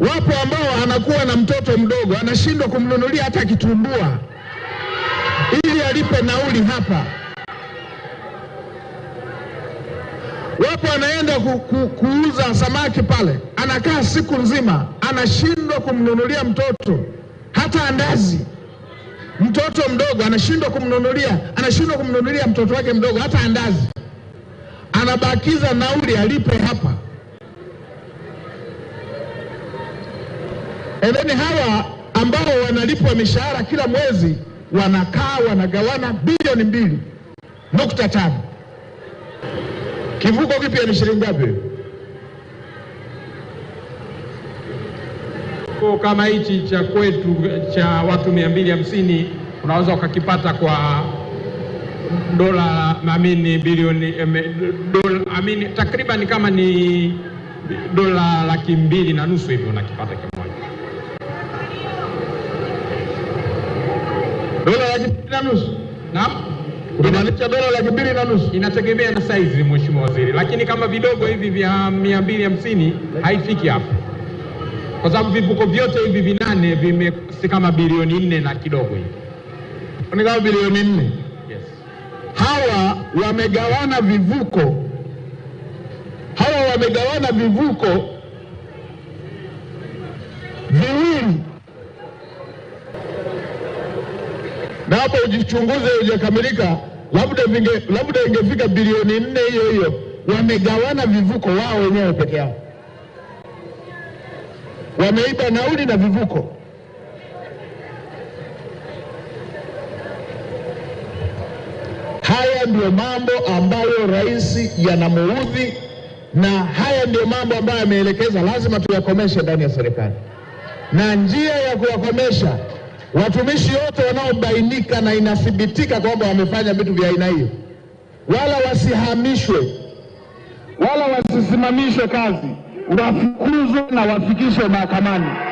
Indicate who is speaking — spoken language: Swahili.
Speaker 1: Wapo ambao anakuwa na mtoto mdogo anashindwa kumnunulia hata kitumbua ili alipe nauli hapa. Wapo anaenda ku, ku, kuuza samaki pale, anakaa siku nzima, anashindwa kumnunulia mtoto hata andazi. Mtoto mdogo anashindwa kumnunulia, anashindwa kumnunulia mtoto wake mdogo hata andazi, anabakiza nauli alipe hapa. Eleni eh, hawa ambao wanalipwa mishahara kila mwezi wanakaa wanagawana bilioni mbili nukta tano. Kivuko kipya ni shilingi ngapi?
Speaker 2: Kama hichi cha kwetu cha watu mia mbili hamsini unaweza ukakipata kwa dola amini bilioni dola amini takriban kama ni dola laki mbili na nusu hivyo unakipata kimoja.
Speaker 1: dola laki mbili na nusu naam, kumaanisha dola laki mbili
Speaker 2: na nusu inategemea na saizi, mheshimiwa waziri, lakini kama vidogo hivi vya mia mbili hamsini haifiki hapo, kwa sababu vivuko vyote hivi vinane vime kama bilioni nne na kidogo hivi,
Speaker 1: ni kama bilioni nne. Yes, hawa wamegawana vivuko, hawa wamegawana vivuko na hapo ujichunguze, hujakamilika labda vinge, labda ingefika bilioni nne hiyo hiyo, wamegawana vivuko wao wenyewe peke yao, wameiba nauli na vivuko. Haya ndio mambo ambayo rais yanamuudhi, na haya ndiyo mambo ambayo ameelekeza lazima tuyakomeshe ndani ya serikali, na njia ya kuyakomesha Watumishi wote wanaobainika na inathibitika kwamba wamefanya vitu vya aina hiyo, wala wasihamishwe wala wasisimamishwe kazi, wafukuzwe na wafikishwe mahakamani.